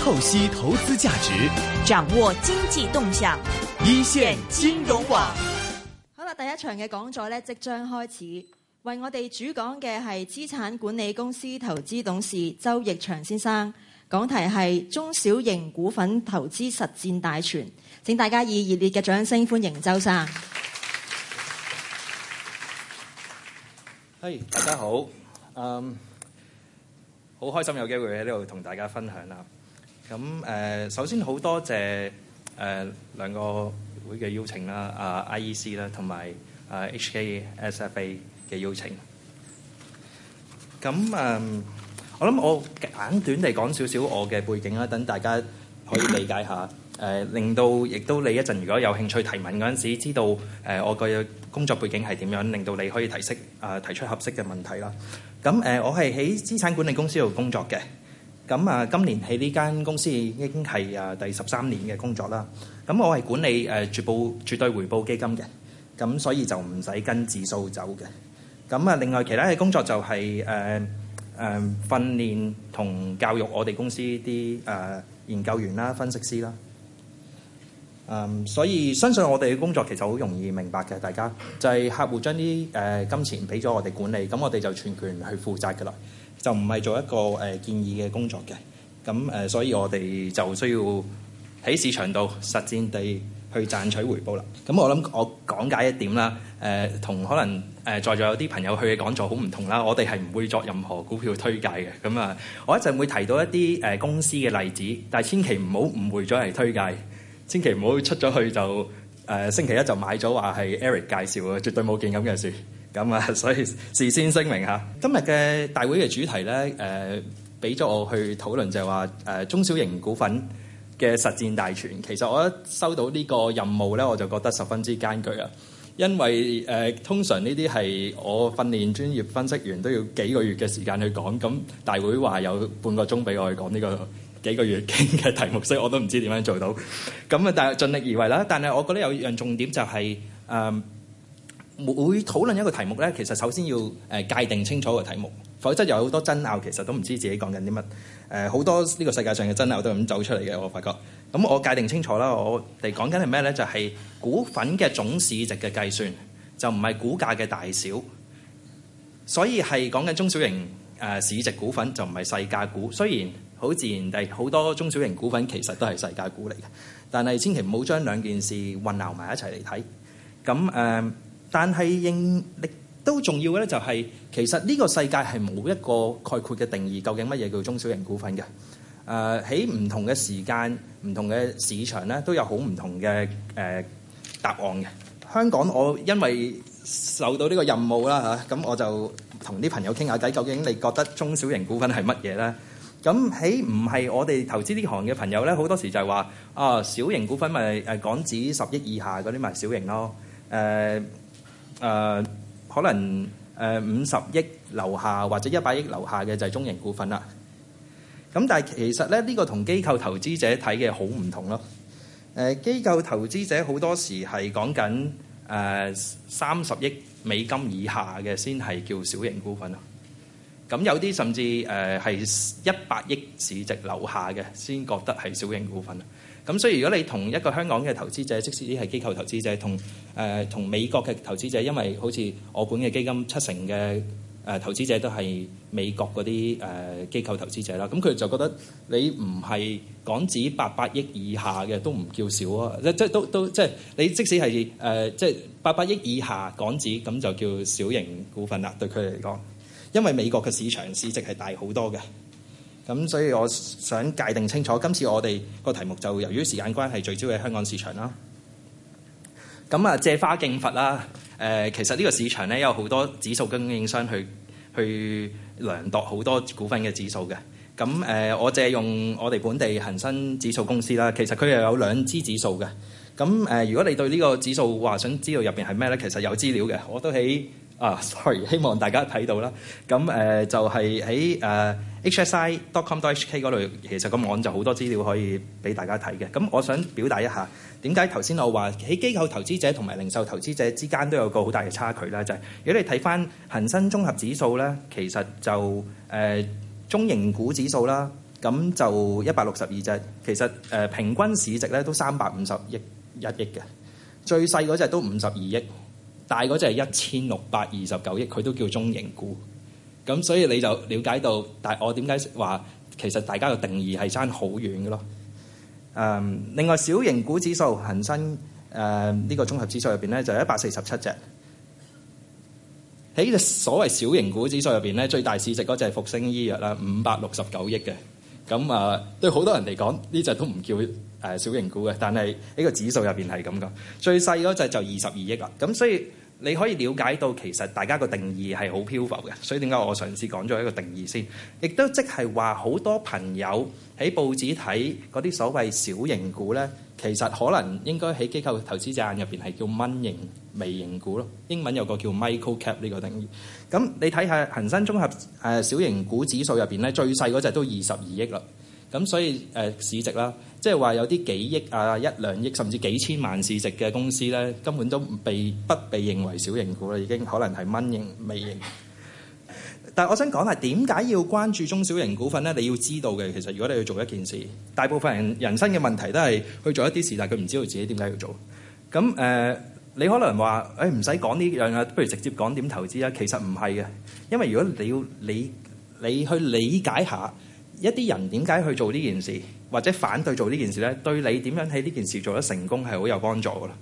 透析投資價值，掌握經濟動向，一線金融網。好啦，第一場嘅講座咧即將開始，為我哋主講嘅係資產管理公司投資董事周翊祥先生，講題係《中小型股份投資實戰大全》，請大家以熱烈嘅掌聲歡迎周生。嘿，Hey, 大家好，嗯，好開心有機會喺呢度同大家分享啦。咁誒，首先好多謝誒兩個會嘅邀請啦，啊 IEC 啦，同埋啊 HKSFA 嘅邀請。咁誒，我諗我簡短地講少少我嘅背景啦，等大家可以理解下。誒，令到亦都你一陣如果有興趣提問嗰陣時，知道誒我個工作背景係點樣，令到你可以提適啊提出合適嘅問題啦。咁誒，我係喺資產管理公司度工作嘅。咁啊，今年喺呢間公司已經係誒第十三年嘅工作啦。咁我係管理誒絕報絕對回報基金嘅，咁所以就唔使跟指數走嘅。咁啊，另外其他嘅工作就係誒誒訓練同教育我哋公司啲誒研究員啦、分析師啦。嗯，所以相信我哋嘅工作其實好容易明白嘅，大家就係客戶將啲誒金錢俾咗我哋管理，咁我哋就全權去負責㗎啦。就唔係做一個誒建議嘅工作嘅，咁誒，所以我哋就需要喺市場度實戰地去賺取回報啦。咁我諗我講解一點啦，誒、呃、同可能誒在座有啲朋友去嘅講座好唔同啦，我哋係唔會作任何股票推介嘅。咁啊，我一陣會提到一啲誒公司嘅例子，但係千祈唔好誤會咗嚟推介，千祈唔好出咗去就誒、呃、星期一就買咗話係 Eric 介紹啊，絕對冇見咁嘅事。咁啊，所以事先聲明下，今日嘅大會嘅主題呢，誒俾咗我去討論就係話，誒，中小型股份嘅實戰大全。其實我一收到呢個任務呢，我就覺得十分之艱巨啊。因為，誒，通常呢啲係我訓練專業分析員都要幾個月嘅時間去講。咁大會話有半個鐘俾我去講呢個幾個月傾嘅題目，所以我都唔知點樣做到。咁啊，但係盡力而為啦。但係我覺得有一樣重點就係，誒每討論一個題目呢，其實首先要誒界定清楚個題目，否則有好多爭拗，其實都唔知自己講緊啲乜誒。好多呢個世界上嘅爭拗都係咁走出嚟嘅。我發覺咁，我界定清楚啦。我哋講緊係咩呢？就係股份嘅總市值嘅計算，就唔係股價嘅大小，所以係講緊中小型誒市值股份，就唔係細價股。雖然好自然地好多中小型股份其實都係細價股嚟嘅，但係千祈唔好將兩件事混淆埋一齊嚟睇咁誒。但係應力都重要嘅咧，就係其實呢個世界係冇一個概括嘅定義，究竟乜嘢叫中小型股份嘅？誒，喺唔同嘅時間、唔同嘅市場咧，都有好唔同嘅誒答案嘅。香港我因為受到呢個任務啦吓，咁我就同啲朋友傾下偈，究竟你覺得中小型股份係乜嘢咧？咁喺唔係我哋投資呢行嘅朋友咧，好多時就係話啊，小型股份咪誒港紙十億以下嗰啲咪小型咯，誒。誒、呃、可能誒五十億樓下或者一百億樓下嘅就係中型股份啦。咁但係其實咧呢、這個同機構投資者睇嘅好唔同咯。誒、呃、機構投資者好多時係講緊誒三十億美金以下嘅先係叫小型股份咯。咁有啲甚至誒係一百億市值樓下嘅先覺得係小型股份。咁所以如果你同一個香港嘅投資者，即使你係機構投資者，同誒同美國嘅投資者，因為好似我本嘅基金七成嘅誒、呃、投資者都係美國嗰啲誒機構投資者啦，咁佢就覺得你唔係港紙八百億以下嘅都唔叫少啊！即都都即都都即係你即使係誒、呃、即係八百億以下港紙，咁就叫小型股份啦，對佢嚟講，因為美國嘅市場市值係大好多嘅。咁所以我想界定清楚，今次我哋個題目就由於時間關係聚焦喺香港市場啦。咁啊借花敬佛啦，誒、呃，其實呢個市場咧有好多指數供應商去去量度好多股份嘅指數嘅。咁誒、呃，我借用我哋本地恒生指數公司啦，其實佢又有兩支指數嘅。咁誒、呃，如果你對呢個指數話、呃、想知道入邊係咩咧，其實有資料嘅，我都喺。啊，sorry，希望大家睇到啦。咁誒、呃、就係、是、喺誒、呃、hsi.com.hk 嗰度。其實個網就好多資料可以俾大家睇嘅。咁我想表達一下，點解頭先我話喺機構投資者同埋零售投資者之間都有個好大嘅差距啦，就係、是、如果你睇翻恒生綜合指數咧，其實就誒、呃、中型股指數啦，咁就一百六十二隻，其實誒、呃、平均市值咧都三百五十一億嘅，最細嗰隻都五十二億。大嗰隻係一千六百二十九億，佢都叫中型股，咁所以你就了解到，但係我點解話其實大家嘅定義係差好遠嘅咯。誒、嗯，另外小型股指數恒生誒呢、呃呢個綜合指數入邊咧就一百四十七隻，喺呢隻所謂小型股指數入邊咧最大市值嗰隻係復星醫藥啦，五百六十九億嘅，咁啊、呃、對好多人嚟講呢隻都唔叫誒小型股嘅，但係呢個指數入邊係咁嘅，最細嗰隻就二十二億啦，咁所以。你可以了解到其實大家個定義係好漂浮嘅，所以點解我上次講咗一個定義先，亦都即係話好多朋友喺報紙睇嗰啲所謂小型股呢，其實可能應該喺機構投資者眼入邊係叫蚊型微型股咯，英文有個叫 micro cap 呢個定義。咁你睇下恒生綜合誒小型股指數入邊呢，最細嗰隻都二十二億啦。咁所以誒、呃、市值啦，即係話有啲幾億啊、一兩億甚至幾千萬市值嘅公司咧，根本都不被不被認為小型股啦，已經可能係蚊型微型。但係我想講下點解要關注中小型股份咧？你要知道嘅其實，如果你要做一件事，大部分人人生嘅問題都係去做一啲事，但佢唔知道自己點解要做。咁誒、呃，你可能話：欸「誒唔使講呢樣啊，不如直接講點投資啊。」其實唔係嘅，因為如果你要理你去理解一下。一啲人點解去做呢件事，或者反對做呢件事呢？對你點樣喺呢件事做得成功係好有幫助㗎啦。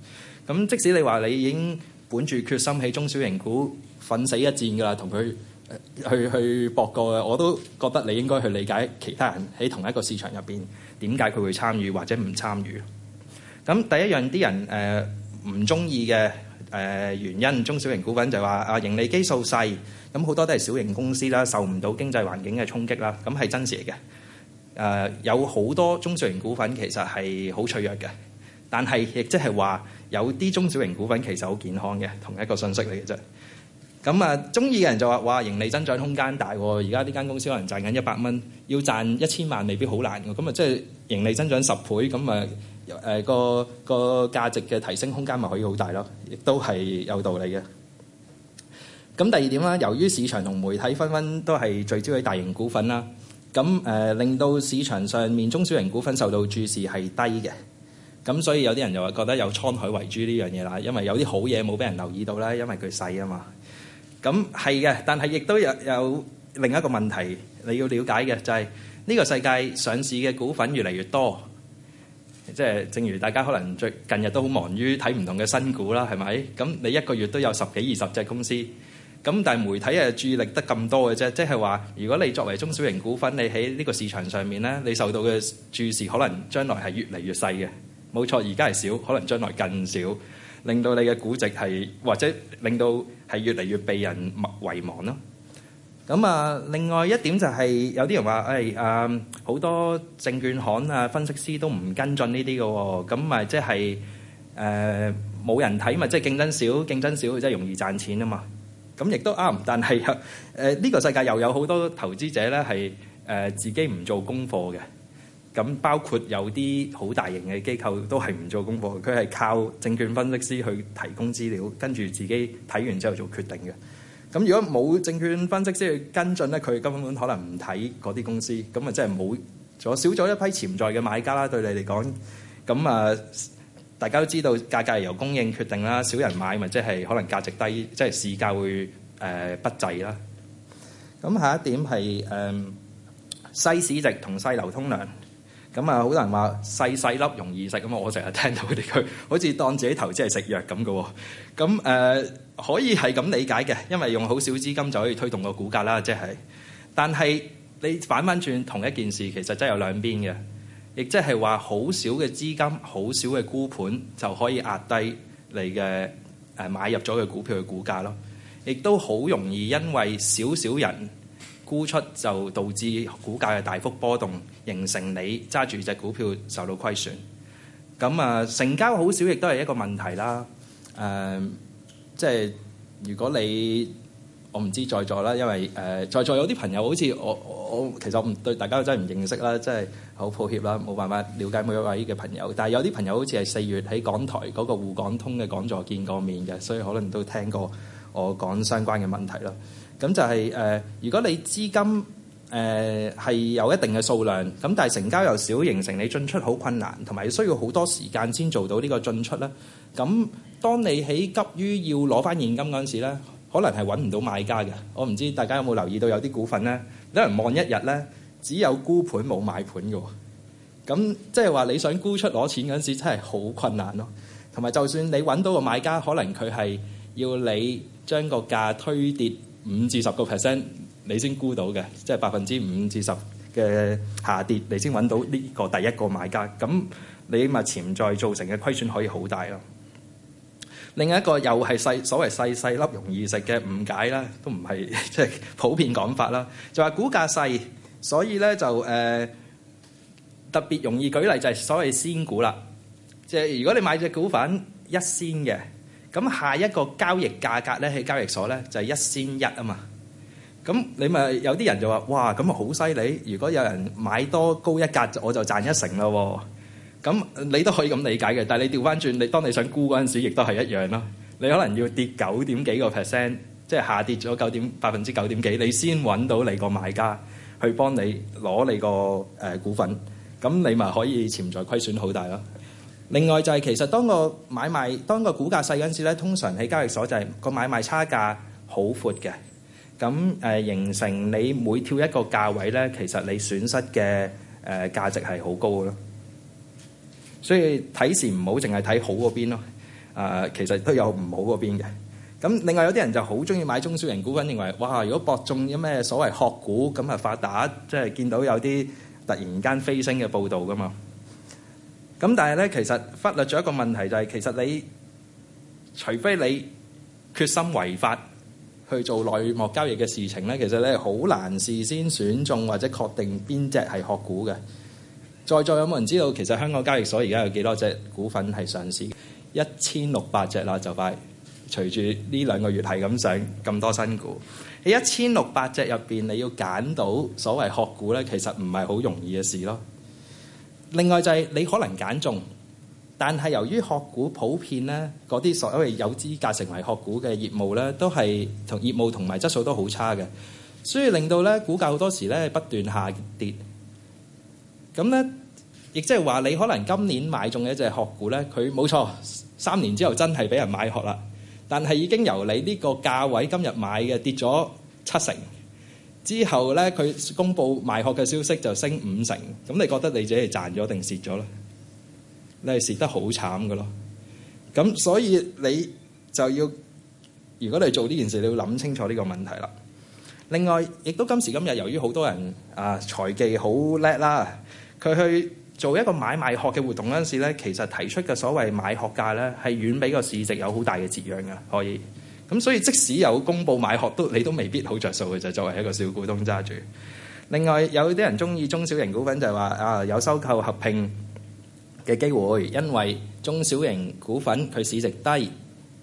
咁即使你話你已經本住決心喺中小型股奮死一戰㗎啦，同佢、呃、去去搏過嘅，我都覺得你應該去理解其他人喺同一個市場入邊點解佢會參與或者唔參與。咁第一樣，啲人誒唔中意嘅誒原因，中小型股份就係話啊盈利基數細。咁好多都係小型公司啦，受唔到經濟環境嘅衝擊啦，咁係真事嚟嘅。誒，有好多中小型股份其實係好脆弱嘅，但係亦即係話有啲中小型股份其實好健康嘅，同一個信息嚟嘅啫。咁啊，中意嘅人就話：嘩，盈利增長空間大，而家呢間公司可能賺緊一百蚊，要賺一千萬未必好難嘅。咁啊，即係盈利增長十倍，咁啊誒個個價值嘅提升空間咪可以好大咯？亦都係有道理嘅。咁第二點啦，由於市場同媒體紛紛都係聚焦喺大型股份啦，咁誒令到市場上面中小型股份受到注視係低嘅。咁所以有啲人就話覺得有滄海遺珠呢樣嘢啦，因為有啲好嘢冇俾人留意到啦，因為佢細啊嘛。咁係嘅，但係亦都有有另一個問題你要了解嘅就係呢個世界上市嘅股份越嚟越多，即係正如大家可能最近日都好忙於睇唔同嘅新股啦，係咪？咁你一個月都有十幾二十隻公司。咁但係媒體誒注意力得咁多嘅啫，即係話如果你作為中小型股份，你喺呢個市場上面咧，你受到嘅注視可能將來係越嚟越細嘅，冇錯。而家係少，可能將來更少，令到你嘅估值係或者令到係越嚟越被人遺忘咯。咁啊，另外一點就係、是、有啲人話誒誒好多證券行啊，分析師都唔跟進呢啲嘅喎。咁咪即係誒冇人睇咪，即係競、呃、爭少，競爭少即係容易賺錢啊嘛。咁亦都啱，但係呃，呢個世界又有好多投資者咧，係、呃、自己唔做功課嘅。咁包括有啲好大型嘅機構都係唔做功課，佢係靠證券分析師去提供資料，跟住自己睇完之後做決定嘅。咁如果冇證券分析師去跟進咧，佢根本可能唔睇嗰啲公司，咁啊即係冇咗少咗一批潛在嘅買家啦。對你嚟講，咁啊大家都知道價格係由供應決定啦，少人買咪即係可能價值低，即係市價會。誒、嗯、不濟啦。咁下一點係、嗯、細市值同細流通量。咁、嗯、啊，好多人話細細粒容易食，咁啊，我成日聽到佢哋佢好似當自己投資係食藥咁嘅。咁、嗯、可以係咁理解嘅，因為用好少資金就可以推動個股價啦，即係。但係你反反轉同一件事，其實真係有兩邊嘅，亦即係話好少嘅資金、好少嘅沽盤就可以壓低你嘅誒買入咗嘅股票嘅股價咯。亦都好容易，因為少少人沽出，就導致股價嘅大幅波動，形成你揸住隻股票受到虧損。咁啊，成交好少，亦都係一個問題啦。誒，即係如果你我唔知在座啦，因為誒在座有啲朋友好似我我其實我唔對大家真係唔認識啦，即係好抱歉啦，冇辦法了解每一位嘅朋友。但係有啲朋友好似係四月喺港台嗰個滬港通嘅講座見過面嘅，所以可能都聽過。我講相關嘅問題咯，咁就係、是、誒、呃，如果你資金誒係、呃、有一定嘅數量，咁但係成交又少，形成你進出好困難，同埋需要好多時間先做到呢個進出咧。咁當你喺急於要攞翻現金嗰陣時咧，可能係揾唔到買家嘅。我唔知大家有冇留意到有啲股份咧，有人望一日咧，只有沽盤冇買盤嘅喎。咁即係話你想沽出攞錢嗰陣時，真係好困難咯。同埋就算你揾到個買家，可能佢係要你。將個價推跌五至十個 percent，你先沽到嘅，即係百分之五至十嘅下跌，你先揾到呢個第一個買家。咁你咪潛在造成嘅虧損可以好大咯。另外一個又係細，所謂細細粒容易食嘅誤解啦，都唔係即係普遍講法啦。就話股價細，所以咧就誒、呃、特別容易舉例，就係、是、所謂仙股啦。即、就、係、是、如果你買隻股份一仙嘅。咁下一個交易價格咧喺交易所咧就係一千一啊嘛，咁你咪有啲人就話：哇，咁啊好犀利！如果有人買多高一格，我就賺一成咯。咁你都可以咁理解嘅，但係你調翻轉，你當你想沽嗰陣時，亦都係一樣咯。你可能要跌九點幾個 percent，即係下跌咗九點百分之九點幾，你先揾到你個買家去幫你攞你個誒股份，咁你咪可以潛在虧損好大咯。另外就係、是、其實當個買賣當個股價細嗰陣時咧，通常喺交易所就係個買賣差價好闊嘅。咁誒、呃、形成你每跳一個價位咧，其實你損失嘅誒價值係好高咯。所以睇時唔好淨係睇好嗰邊咯。誒、呃、其實都有唔好嗰邊嘅。咁另外有啲人就好中意買中小型股份，認為哇，如果博中有咩所謂殼股咁啊發達，即係見到有啲突然間飛升嘅報道噶嘛。咁但係咧，其實忽略咗一個問題就係，其實你除非你決心違法去做內幕交易嘅事情咧，其實咧好難事先選中或者確定邊隻係學股嘅。在座有冇人知道，其實香港交易所而家有幾多隻股份係上市的？一千六百隻啦，就快隨住呢兩個月係咁上咁多新股。你一千六百隻入邊，你要揀到所謂學股咧，其實唔係好容易嘅事咯。另外就係你可能揀中，但係由於殼股普遍咧，嗰啲所謂有，有資格成為殼股嘅業務咧，都係同業務同埋質素都好差嘅，所以令到咧股價好多時咧不斷下跌。咁咧，亦即係話你可能今年買中嘅一隻殼股咧，佢冇錯三年之後真係俾人買殼啦，但係已經由你呢個價位今日買嘅跌咗七成。之後咧，佢公布賣殼嘅消息就升五成，咁你覺得你自己係賺咗定蝕咗咧？你係蝕得好慘嘅咯。咁所以你就要，如果你做呢件事，你要諗清楚呢個問題啦。另外，亦都今時今日，由於好多人啊財技好叻啦，佢去做一個買賣殼嘅活動嗰陣時咧，其實提出嘅所謂買殼價咧，係遠比個市值有好大嘅折讓嘅，可以。咁所以即使有公布買學都，你都未必好着數嘅，就作為一個小股東揸住。另外有啲人中意中小型股份就係話啊，有收購合併嘅機會，因為中小型股份佢市值低，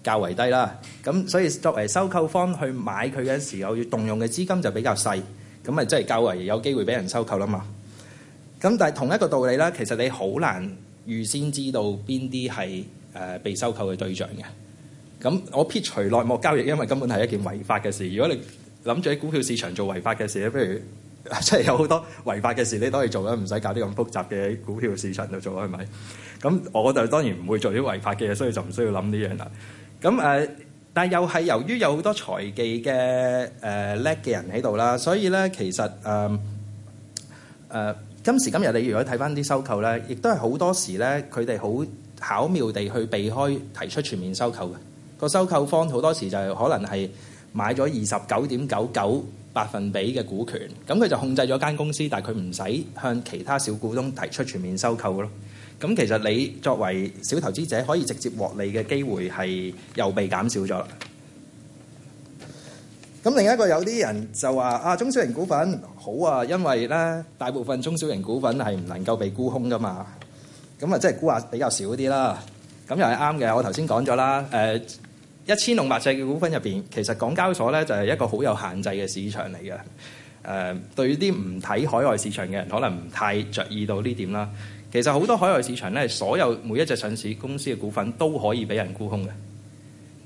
較為低啦。咁所以作為收購方去買佢嘅時候，要動用嘅資金就比較細，咁咪即係較為有機會俾人收購啦嘛。咁但係同一個道理啦，其實你好難預先知道邊啲係誒被收購嘅對象嘅。咁我撇除內幕交易，因為根本係一件違法嘅事。如果你諗住喺股票市場做違法嘅事咧，不如即係有好多違法嘅事，你都可以做咧，唔使搞啲咁複雜嘅股票市場度做，係咪？咁我就當然唔會做啲違法嘅嘢，所以就唔需要諗呢樣啦。咁誒、呃，但係又係由於有好多財技嘅誒叻嘅人喺度啦，所以咧其實誒誒、呃呃、今時今日，你如果睇翻啲收購咧，亦都係好多時咧，佢哋好巧妙地去避開提出全面收購嘅。個收購方好多時就係可能係買咗二十九點九九百分比嘅股權，咁佢就控制咗間公司，但係佢唔使向其他小股東提出全面收購咯。咁其實你作為小投資者可以直接獲利嘅機會係又被減少咗啦。咁另一個有啲人就話啊，中小型股份好啊，因為咧大部分中小型股份係唔能夠被沽空噶嘛，咁啊即係沽啊比較少啲啦。咁又係啱嘅，我頭先講咗啦，呃一千六百隻嘅股份入面，其實港交所咧就係、是、一個好有限制嘅市場嚟嘅。誒、呃，對於啲唔睇海外市場嘅人，可能唔太着意到呢點啦。其實好多海外市場咧，所有每一隻上市公司嘅股份都可以俾人沽空嘅。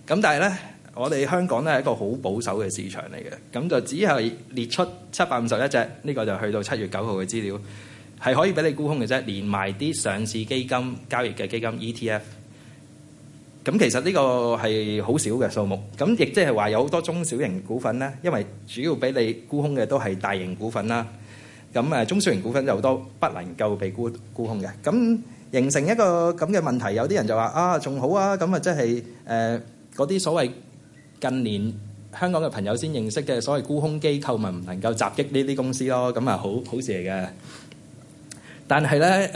咁但係咧，我哋香港咧係一個好保守嘅市場嚟嘅。咁就只係列出七百五十一隻，呢、這個就去到七月九號嘅資料，係可以俾你沽空嘅啫。連埋啲上市基金交易嘅基金 ETF。咁其實呢個係好少嘅數目，咁亦即係話有好多中小型股份咧，因為主要俾你沽空嘅都係大型股份啦，咁誒中小型股份就好多不能夠被沽沽空嘅，咁形成一個咁嘅問題。有啲人就話啊，仲好啊，咁啊即係誒嗰啲所謂近年香港嘅朋友先認識嘅所謂沽空機構，咪唔能夠襲擊呢啲公司咯，咁啊好好事嚟嘅。但係咧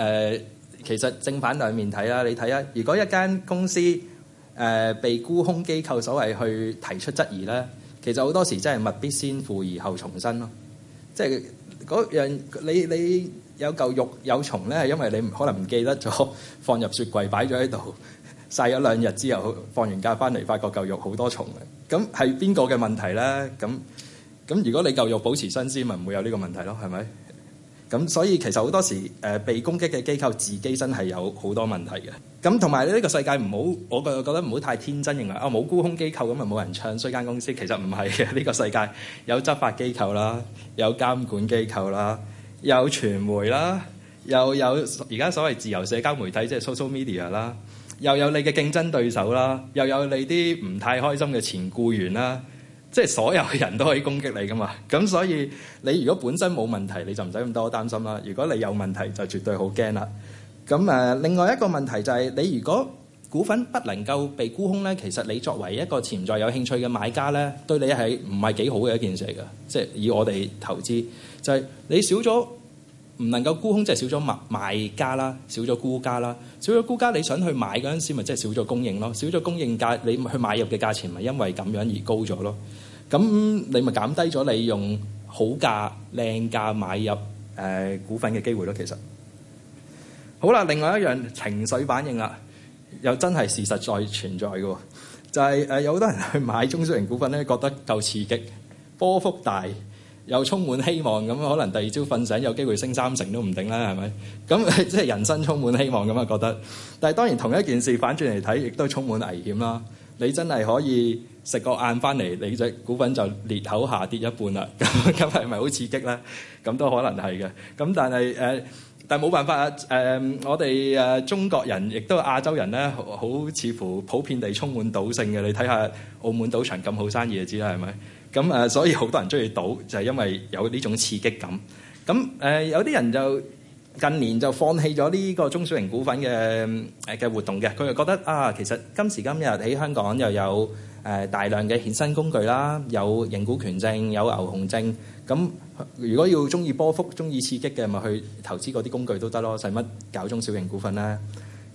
誒，其實正反兩面睇啦，你睇啊，如果一間公司，誒、呃、被沽空機構所謂去提出質疑咧，其實好多時真係物必先腐，而後蟲生咯。即係嗰樣，你你有嚿肉有蟲咧，係因為你可能唔記得咗放入雪櫃擺咗喺度晒咗兩日之後，放完假翻嚟，發覺嚿肉好多蟲嘅。咁係邊個嘅問題咧？咁咁如果你嚿肉保持新鮮，咪唔會有呢個問題咯，係咪？咁所以其實好多時、呃、被攻擊嘅機構自己真係有好多問題嘅。咁同埋呢個世界唔好，我覺覺得唔好太天真認為啊，無、哦、辜空機構咁就冇人唱衰間公司，其實唔係嘅。呢、這個世界有執法機構啦，有監管機構啦，有傳媒啦，又有而家所謂自由社交媒體即係 social media 啦，又有你嘅競爭對手啦，又有你啲唔太開心嘅前僱員啦。即係所有人都可以攻擊你噶嘛？咁所以你如果本身冇問題，你就唔使咁多擔心啦。如果你有問題，就絕對好驚啦。咁誒，另外一個問題就係、是、你如果股份不能夠被沽空咧，其實你作為一個潛在有興趣嘅買家咧，對你係唔係幾好嘅一件事嚟嘅？即、就、係、是、以我哋投資，就係、是、你少咗唔能夠沽空，即、就、係、是、少咗賣賣家啦，少咗沽家啦，少咗沽家你想去買嗰陣時，咪即係少咗供應咯，少咗供應價，你去買入嘅價錢咪、就是、因為咁樣而高咗咯。咁你咪減低咗你用好價靚價買入、呃、股份嘅機會咯，其實好啦，另外一樣情緒反應啦，又真係事實在存在嘅，就係、是呃、有好多人去買中小型股份咧，覺得夠刺激，波幅大，又充滿希望咁，可能第二朝瞓醒有機會升三成都唔定啦，係咪？咁即係人生充滿希望咁啊覺得，但係當然同一件事反轉嚟睇，亦都充滿危險啦。你真係可以食個晏翻嚟，你隻股份就裂口下跌一半啦。咁咁係咪好刺激咧？咁都可能係嘅。咁但係誒、呃，但係冇辦法啊。誒、呃，我哋誒中國人亦都亞洲人咧，好似乎普遍地充滿賭性嘅。你睇下澳門賭場咁好生意就知啦，係咪？咁誒，所以好多人中意賭就係、是、因為有呢種刺激感。咁誒、呃，有啲人就。近年就放棄咗呢個中小型股份嘅誒嘅活動嘅，佢就覺得啊，其實今時今日喺香港又有誒大量嘅衍生工具啦，有認股權證，有牛熊證。咁如果要中意波幅、中意刺激嘅，咪去投資嗰啲工具都得咯，使乜搞中小型股份啦？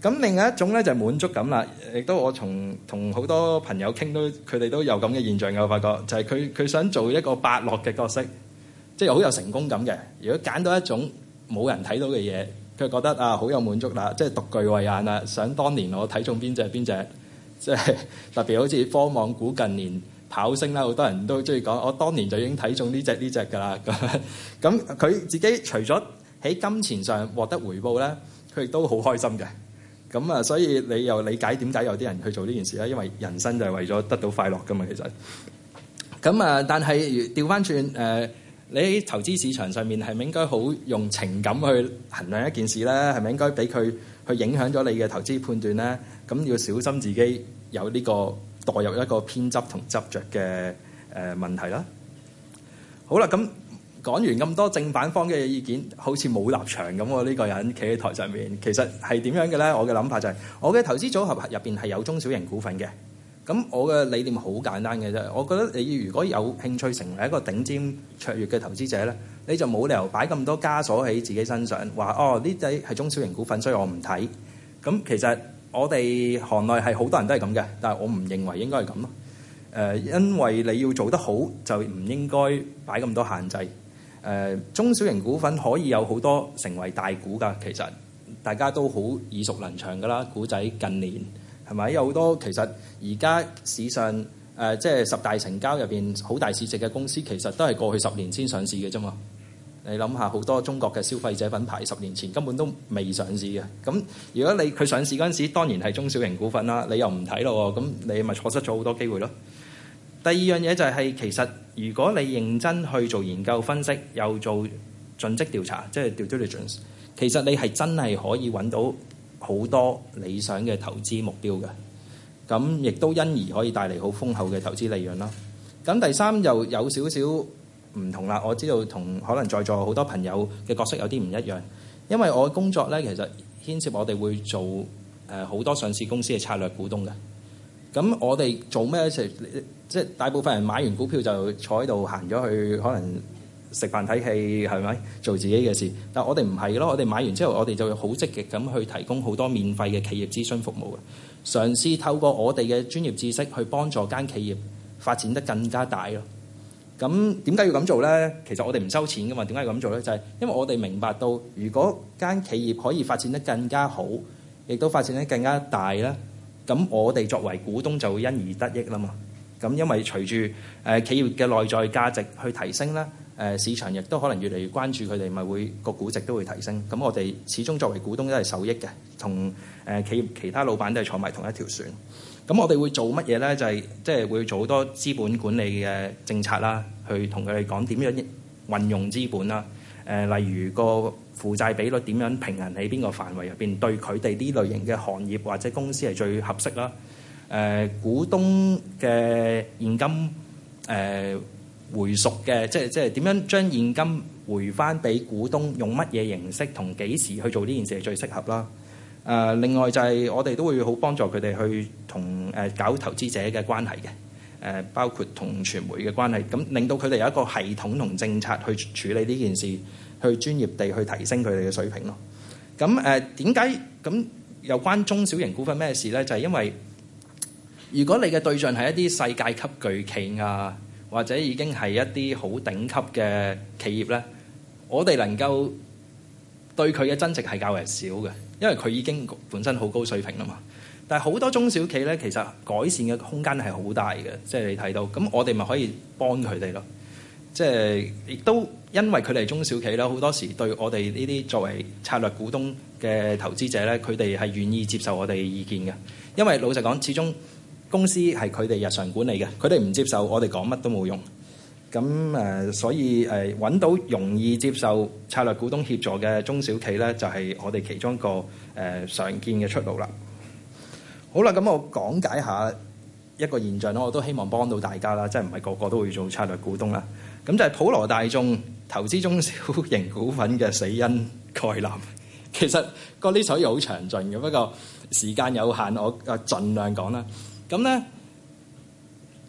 咁另外一種咧就滿足感啦，亦都我從同好多朋友傾都，佢哋都有咁嘅現象嘅。我發覺就係佢佢想做一個伯樂嘅角色，即係好有成功感嘅。如果揀到一種。冇人睇到嘅嘢，佢覺得啊好有滿足啦，即係獨具慧眼啦。想當年我睇中邊隻邊隻，即係、就是、特別好似科網股近年跑升啦，好多人都鍾意講，我當年就已經睇中呢隻呢隻㗎啦。咁佢自己除咗喺金錢上獲得回報咧，佢亦都好開心嘅。咁啊，所以你又理解點解有啲人去做呢件事啦，因為人生就係為咗得到快樂㗎嘛，其實。咁啊，但係調翻轉誒。你喺投資市場上面係咪應該好用情感去衡量一件事呢？係咪應該俾佢去影響咗你嘅投資判斷呢？咁要小心自己有呢個代入一個偏執同執着嘅誒問題啦。好啦，咁講完咁多正反方嘅意見，好似冇立場咁喎。呢個人企喺台上面，其實係點樣嘅呢？我嘅諗法就係，我嘅投資組合入邊係有中小型股份嘅。咁我嘅理念好簡單嘅啫，我覺得你如果有興趣成為一個頂尖卓越嘅投資者呢，你就冇理由擺咁多枷鎖喺自己身上，話哦呢隻係中小型股份，所以我唔睇。咁其實我哋行內係好多人都係咁嘅，但係我唔認為應該係咁咯。呃，因為你要做得好就唔應該擺咁多限制。呃，中小型股份可以有好多成為大股噶，其實大家都好耳熟能詳噶啦，股仔近年。係咪有好多其實而家市上即係、呃即係、十大成交入面好大市值嘅公司，其實都係過去十年先上市嘅啫嘛。你諗下，好多中國嘅消費者品牌十年前根本都未上市嘅。咁如果你佢上市嗰陣時，當然係中小型股份啦。你又唔睇咯，咁你咪錯失咗好多機會咯。第二樣嘢就係、係、其實如果你認真去做研究分析，又做盡職調查，即係 due diligence，其實你係真係可以揾到。好多理想嘅投資目標嘅，咁亦都因而可以帶嚟好豐厚嘅投資利潤啦。咁第三又有少少唔同啦，我知道同可能在座好多朋友嘅角色有啲唔一樣，因為我工作呢，其實牽涉我哋會做誒好多上市公司嘅策略股東嘅。咁我哋做咩？即大部分人買完股票就坐喺度行咗去可能。食飯睇戲係咪做自己嘅事？但我哋唔係咯。我哋買完之後，我哋就會好積極咁去提供好多免費嘅企業諮詢服務嘅，嘗試透過我哋嘅專業知識去幫助間企業發展得更加大咯。咁點解要咁做呢？其實我哋唔收錢噶嘛。點解要咁做呢？就係因為我哋明白到，如果間企業可以發展得更加好，亦都發展得更加大咧，咁我哋作為股東就會因而得益啦嘛。咁因為隨住誒企業嘅內在價值去提升啦。誒市場亦都可能越嚟越關注佢哋，咪會個估值都會提升。咁我哋始終作為股東都係受益嘅，同誒企業其他老闆都係坐埋同一條船。咁我哋會做乜嘢咧？就係即係會做好多資本管理嘅政策啦，去同佢哋講點樣運用資本啦。誒，例如個負債比率點樣平衡喺邊個範圍入邊，對佢哋啲類型嘅行業或者公司係最合適啦。誒、呃，股東嘅現金誒。呃回屬嘅，即係即係點樣將現金回翻俾股東，用乜嘢形式同幾時去做呢件事係最適合啦？誒，另外就係我哋都會好幫助佢哋去同誒搞投資者嘅關係嘅，誒包括同傳媒嘅關係，咁令到佢哋有一個系統同政策去處理呢件事，去專業地去提升佢哋嘅水平咯。咁誒點解咁有關中小型股份咩事呢？就係因為如果你嘅對象係一啲世界級巨企啊～或者已經係一啲好頂級嘅企業咧，我哋能夠對佢嘅增值係較為少嘅，因為佢已經本身好高水平啦嘛。但係好多中小企咧，其實改善嘅空間係好大嘅，即係你睇到。咁我哋咪可以幫佢哋咯。即係亦都因為佢哋係中小企啦，好多時對我哋呢啲作為策略股東嘅投資者咧，佢哋係願意接受我哋意見嘅，因為老實講，始終。公司係佢哋日常管理嘅，佢哋唔接受我哋講乜都冇用咁誒。所以誒，揾到容易接受策略股東協助嘅中小企咧，就係、是、我哋其中一個誒、呃、常見嘅出路啦。好啦，咁我講解一下一個現象啦，我都希望幫到大家啦，即係唔係個個都會做策略股東啦。咁就係普羅大眾投資中小型股份嘅死因概覽。其實個 list 可以好詳盡嘅，不過時間有限，我誒盡量講啦。咁咧，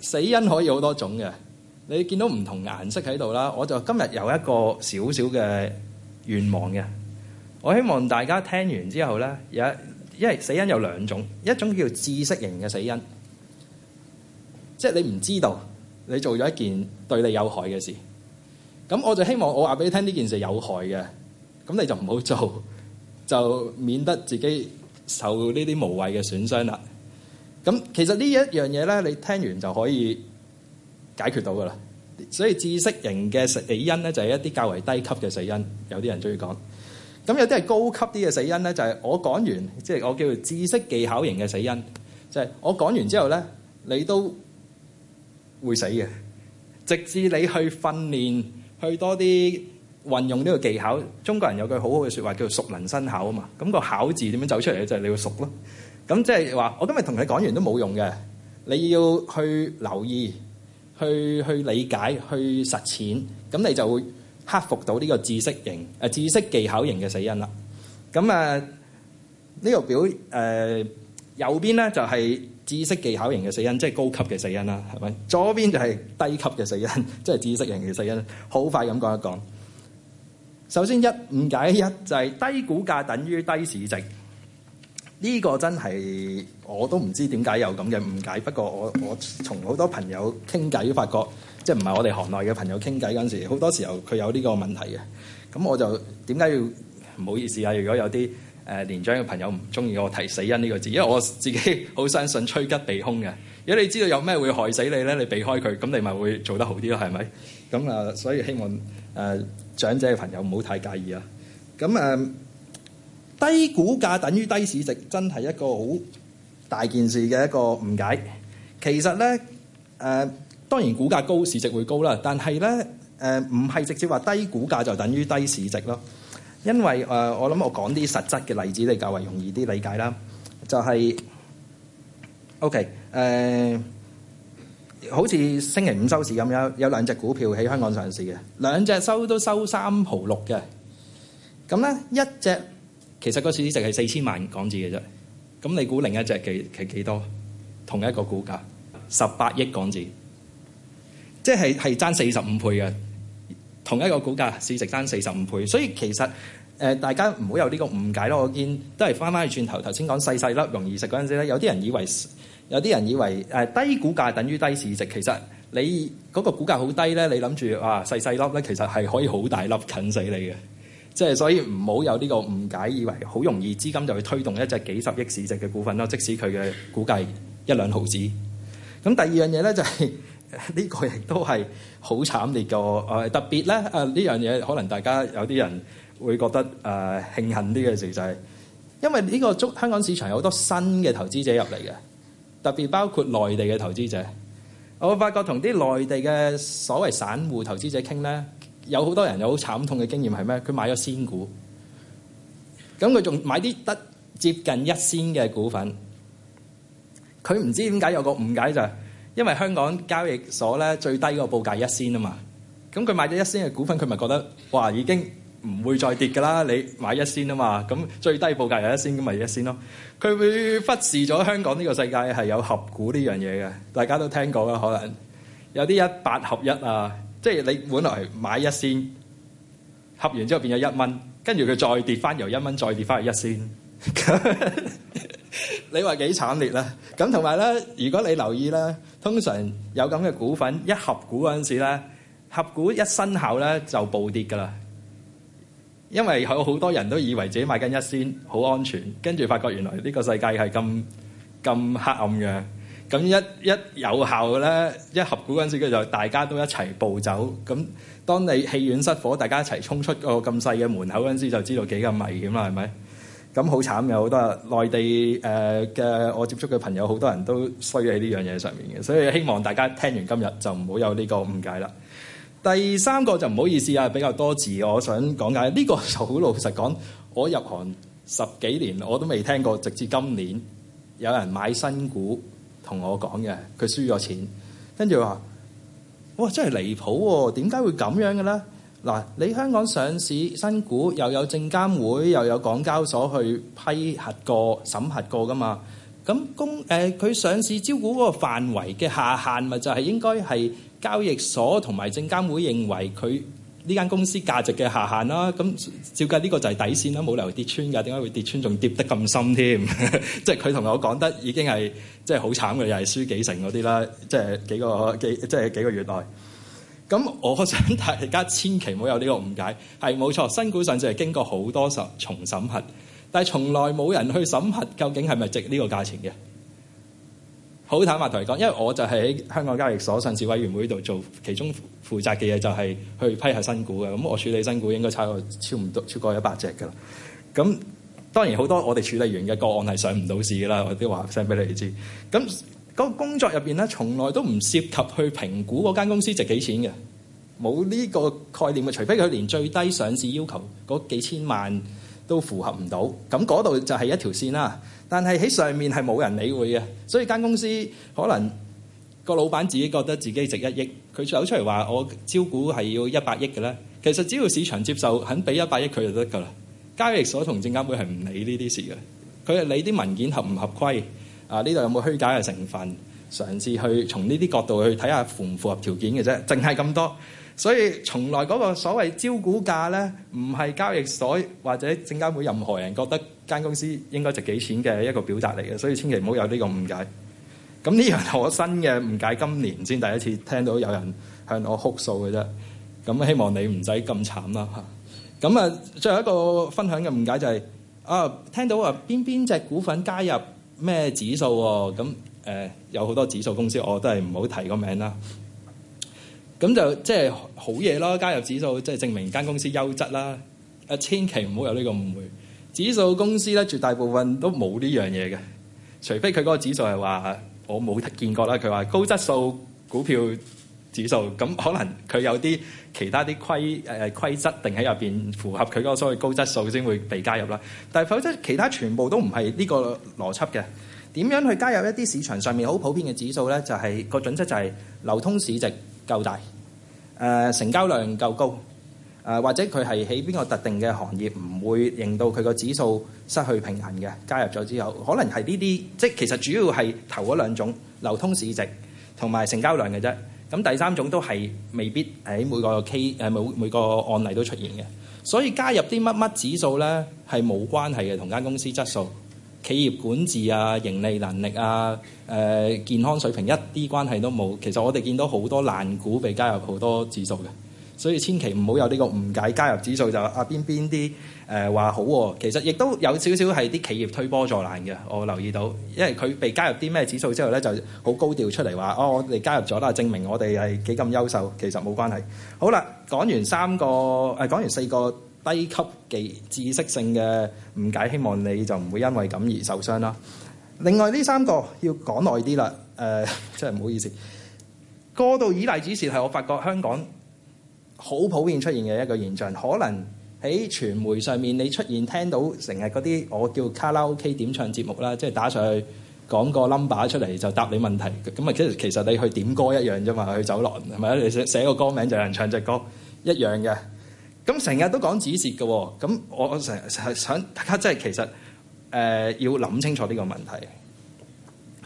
死因可以好多種嘅。你見到唔同顏色喺度啦，我就今日有一個小小嘅願望嘅。我希望大家聽完之後咧，有一因為死因有兩種，一種叫知識型嘅死因，即係你唔知道你做咗一件對你有害嘅事。咁我就希望我話俾你聽，呢件事有害嘅，咁你就唔好做，就免得自己受呢啲無謂嘅損傷啦。咁其實呢一樣嘢咧，你聽完就可以解決到噶啦。所以知識型嘅死因咧，就係一啲較為低級嘅死因。有啲人中意講。咁有啲係高級啲嘅死因咧，就係我講完，即係我叫做知識技巧型嘅死因。就係我講完之後咧，你都會死嘅。直至你去訓練，去多啲運用呢個技巧。中國人有句好好嘅説話，叫做熟能生巧啊嘛。咁個巧字點樣走出嚟咧？就係你要熟咯。咁即係話，我今日同你講完都冇用嘅，你要去留意、去去理解、去實踐，咁你就會克服到呢個知識型、呃、知識技巧型嘅死因啦。咁啊，呢、這個表、呃、右邊咧就係、是、知識技巧型嘅死因，即、就、係、是、高級嘅死因啦，係咪？左邊就係低級嘅死因，即、就、係、是、知識型嘅死因。好快咁講一講。首先一誤解一就係低股價等於低市值。呢個真係我都唔知點解有咁嘅誤解，不過我我從好多朋友傾偈發覺，即係唔係我哋行內嘅朋友傾偈嗰陣時，好多時候佢有呢個問題嘅。咁我就點解要唔好意思啊？如果有啲誒、呃、年長嘅朋友唔中意我提死因呢個字，因為我自己好相信趨吉避凶嘅。如果你知道有咩會害死你咧，你避開佢，咁你咪會做得好啲咯，係咪？咁啊，所以希望誒、呃、長者嘅朋友唔好太介意啊。咁誒。呃低股價等於低市值，真係一個好大件事嘅一個誤解。其實呢，誒、呃、當然股價高，市值會高啦。但係呢，誒唔係直接話低股價就等於低市值咯，因為誒、呃、我諗我講啲實質嘅例子，你較為容易啲理解啦。就係 O K，誒好似星期五收市咁樣，有有兩隻股票喺香港上市嘅，兩隻收都收三毫六嘅。咁呢，一隻。其實個市值係四千萬港紙嘅啫，咁你估另一隻幾幾幾多？同一個股價十八億港紙，即係係爭四十五倍嘅，同一個股價市值爭四十五倍。所以其實誒，大家唔好有呢個誤解咯。我見都係翻翻去轉頭，頭先講細細粒容易食嗰陣時咧，有啲人以為有啲人以為誒低股價等於低市值。其實你嗰個股價好低咧，你諗住啊細細粒咧，其實係可以好大粒啃死你嘅。即係所以唔好有呢個誤解，以為好容易資金就會推動一隻幾十億市值嘅股份咯。即使佢嘅估計一兩毫子。咁第二樣嘢咧就係呢個亦都係好慘烈嘅。誒特別咧誒呢樣嘢，可能大家有啲人會覺得誒慶幸啲嘅事就係，因為呢個中香港市場有好多新嘅投資者入嚟嘅，特別包括內地嘅投資者。我發覺同啲內地嘅所謂散戶投資者傾咧。有好多人有好慘痛嘅經驗係咩？佢買咗仙股，咁佢仲買啲得接近一仙嘅股份。佢唔知點解有個誤解就係，因為香港交易所咧最低個報價一仙啊嘛。咁佢買咗一仙嘅股份，佢咪覺得哇已經唔會再跌㗎啦。你買一仙啊嘛，咁最低報價有一仙咁咪一仙咯。佢會忽視咗香港呢個世界係有合股呢樣嘢嘅，大家都聽過啦。可能有啲一八合一啊。即係你本來買一仙，合完之後變咗一蚊，跟住佢再跌翻，由一蚊再跌翻去一仙， 你話幾慘烈啦？咁同埋咧，如果你留意咧，通常有咁嘅股份一合股嗰陣時咧，合股一生效咧就暴跌噶啦，因為有好多人都以為自己買緊一仙好安全，跟住發覺原來呢個世界係咁咁黑暗嘅。咁一一有效咧，一合股嗰陣時，佢就大家都一齊步走。咁當你戲院失火，大家一齊衝出個咁細嘅門口嗰陣時，就知道幾咁危險啦。係咪咁好慘？有好多內地嘅、呃、我接觸嘅朋友，好多人都衰喺呢樣嘢上面嘅，所以希望大家聽完今日就唔好有呢個誤解啦。第三個就唔好意思啊，比較多字，我想講解呢、呢個就好老實講，我入行十幾年我都未聽過，直至今年有人買新股。同我講嘅，佢輸咗錢，跟住話：哇，真係離譜喎、啊！點解會咁樣嘅咧？嗱，你香港上市新股又有證監會又有港交所去批核過、審核過㗎嘛？咁公誒，佢、呃、上市招股嗰個範圍嘅下限咪就係應該係交易所同埋證監會認為佢。呢間公司價值嘅下限啦，咁照計呢個就係底線啦，冇理由跌穿㗎，點解會跌穿仲跌得咁深添？即係佢同我講得已經係即係好慘嘅，又係輸幾成嗰啲啦，即係幾個幾即係幾個月內。咁我想大家千祈唔好有呢個誤解，係冇錯，新股上市係經過好多審重審核，但係從來冇人去審核究竟係咪值呢個價錢嘅。好坦白同你講，因為我就係喺香港交易所上市委員會度做，其中負責嘅嘢就係去批核新股嘅。咁我處理新股應該差過超唔多，超過一百隻㗎啦。咁當然好多我哋處理完嘅個案係上唔到市㗎啦，我都話聲俾你哋知。咁嗰個工作入邊咧，從來都唔涉及去評估嗰間公司值幾錢嘅，冇呢個概念嘅。除非佢連最低上市要求嗰幾千萬，都符合唔到，咁嗰度就係一條線啦。但係喺上面係冇人理會嘅，所以間公司可能個老闆自己覺得自己值一億，佢走出嚟話我招股係要一百億嘅咧。其實只要市場接受肯俾一百億佢就得㗎喇。交易所同證監會係唔理呢啲事嘅，佢係理啲文件合唔合規啊？呢度有冇虛假嘅成分？嘗試去從呢啲角度去睇下符唔符合條件嘅啫，淨係咁多。所以從來嗰個所謂招股價咧，唔係交易所或者證監會任何人覺得間公司應該值幾錢嘅一個表達嚟嘅，所以千祈唔好有呢個誤解。咁呢樣我新嘅誤解，今年先第一次聽到有人向我哭訴嘅啫。咁希望你唔使咁慘啦嚇。咁啊，最後一個分享嘅誤解就係、是、啊，聽到話、啊、邊邊隻股份加入咩指數喎、啊？咁誒、呃、有好多指數公司，我都係唔好提個名啦。咁就即係好嘢咯，加入指數即係、就是、證明間公司優質啦。誒，千祈唔好有呢個誤會。指數公司咧，絕大部分都冇呢樣嘢嘅，除非佢嗰個指數係話我冇見過啦。佢話高質素股票指數咁，可能佢有啲其他啲規、呃、規則定喺入邊符合佢嗰個所謂高質素先會被加入啦。但係否則其他全部都唔係呢個邏輯嘅。點樣去加入一啲市場上面好普遍嘅指數咧？就係、是、個準則就係流通市值。夠大，誒、呃、成交量夠高，誒、呃、或者佢係喺邊個特定嘅行業唔會令到佢個指數失去平衡嘅，加入咗之後，可能係呢啲即其實主要係頭嗰兩種流通市值同埋成交量嘅啫。咁第三種都係未必喺每個 K 誒、呃、每每個案例都出現嘅，所以加入啲乜乜指數呢，係冇關係嘅，同間公司質素。企業管治啊、盈利能力啊、呃、健康水平一啲關係都冇。其實我哋見到好多爛股被加入好多指數嘅，所以千祈唔好有呢個誤解。加入指數就啊邊邊啲誒話好喎、啊，其實亦都有少少係啲企業推波助瀾嘅。我留意到，因為佢被加入啲咩指數之後咧，就好高調出嚟話哦，我哋加入咗啦，證明我哋係幾咁優秀。其實冇關係。好啦，講完三個、啊、講完四個。低級技知識性嘅誤解，希望你就唔會因為咁而受傷啦。另外呢三個要講耐啲啦，誒、呃、真係唔好意思。過度以例子是係我發覺香港好普遍出現嘅一個現象，可能喺傳媒上面你出現聽到成日嗰啲我叫卡拉 OK 點唱節目啦，即係打上去講個 number 出嚟就答你問題，咁啊其實其實你去點歌一樣啫嘛，去走廊，係咪你寫寫個歌名就有人唱隻歌，一樣嘅。咁成日都講止蝕㗎嘅，咁我成日想大家真係其實、呃、要諗清楚呢個問題。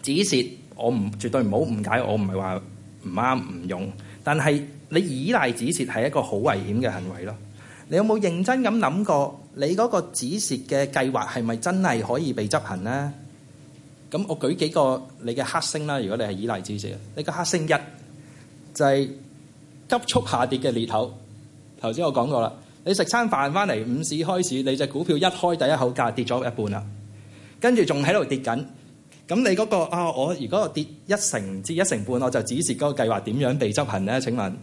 止蝕我唔絕對唔好誤解，我唔係話唔啱唔用，但係你倚賴止蝕係一個好危險嘅行為咯。你有冇認真咁諗過，你嗰個止蝕嘅計劃係咪真係可以被執行咧？咁我舉幾個你嘅黑星啦。如果你係倚賴止蝕，你個黑星一就係急速下跌嘅裂頭。頭先我講過啦，你食餐飯翻嚟，午市開始你隻股票一開第一口價跌咗一半啦，跟住仲喺度跌緊，咁你嗰、嗰個啊、哦，我如果我跌一成至一成半，我就止蝕嗰個計劃點樣被執行咧？請問